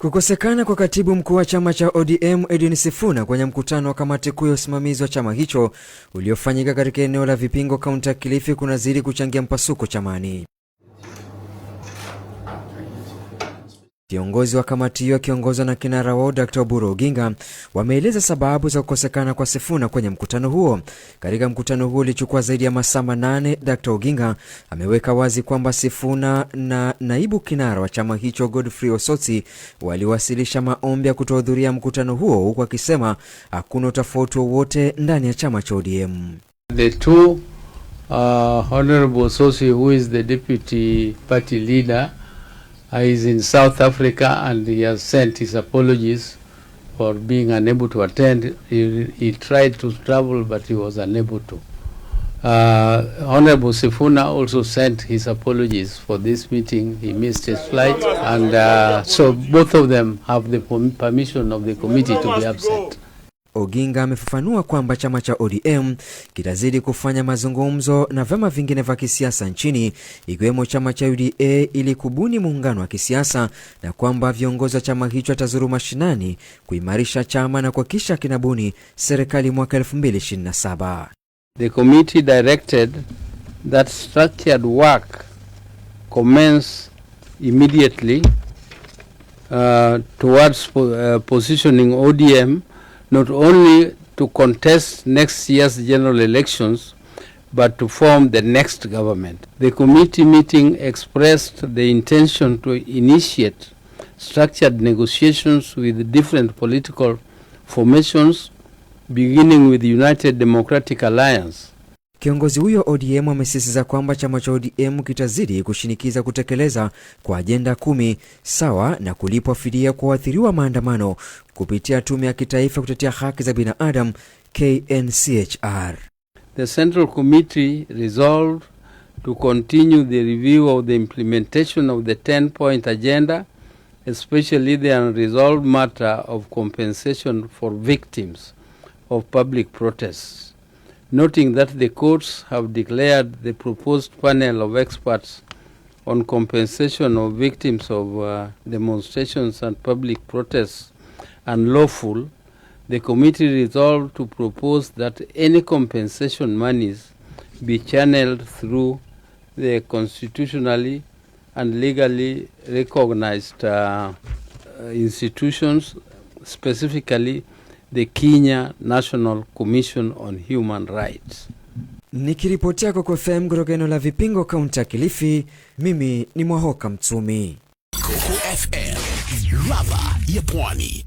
Kukosekana kwa katibu mkuu wa chama cha ODM Edwin Sifuna kwenye mkutano wa kamati kuu ya usimamizi wa chama hicho uliofanyika katika eneo la Vipingo, kaunti ya Kilifi kunazidi kuchangia mpasuko chamani. Viongozi wa kamati hiyo akiongozwa na kinara wao Dr. Oburu Oginga wameeleza sababu za kukosekana kwa Sifuna kwenye mkutano huo. Katika mkutano huo ulichukua zaidi ya masaa manane, Dr. Oginga ameweka wazi kwamba Sifuna na naibu kinara wa chama hicho Godfrey Osotsi waliwasilisha maombi ya kutohudhuria mkutano huo, huku akisema hakuna utofauti wowote ndani ya chama cha ODM. The two, uh, honorable Osotsi who is the deputy party leader is in South Africa and he has sent his apologies for being unable to attend. He, he tried to travel, but he was unable to. Uh, Honorable Sifuna also sent his apologies for this meeting. He missed his flight, and uh, so both of them have the permission of the committee to be absent. Oginga amefafanua kwamba chama cha ODM kitazidi kufanya mazungumzo na vyama vingine vya kisiasa nchini ikiwemo chama cha UDA ili kubuni muungano wa kisiasa na kwamba viongozi wa chama hicho atazuru mashinani kuimarisha chama na kuhakikisha kinabuni serikali mwaka 2027. The committee directed that structured work commence immediately uh, towards po uh, positioning ODM not only to contest next year's general elections, but to form the next government. The committee meeting expressed the intention to initiate structured negotiations with different political formations, beginning with the United Democratic Alliance, Kiongozi huyo ODM amesisitiza kwamba chama cha ODM kitazidi kushinikiza kutekeleza kwa ajenda kumi sawa na kulipwa fidia kwa waathiriwa maandamano kupitia tume ya kitaifa kutetea haki za binadamu KNCHR. The Central Committee resolved to continue the review of the implementation of the 10 point agenda especially the unresolved matter of compensation for victims of public protests. noting that the courts have declared the proposed panel of experts on compensation of victims of uh, demonstrations and public protests unlawful, the committee resolved to propose that any compensation monies be channeled through the constitutionally and legally recognized uh, uh institutions, specifically the Kenya National Commission on Human Rights. Nikiripotia Coco FM kutoka eneo la Vipingo, kaunti ya Kilifi, mimi ni Mwahoka Mtumi. Coco FM, ladha ya Pwani.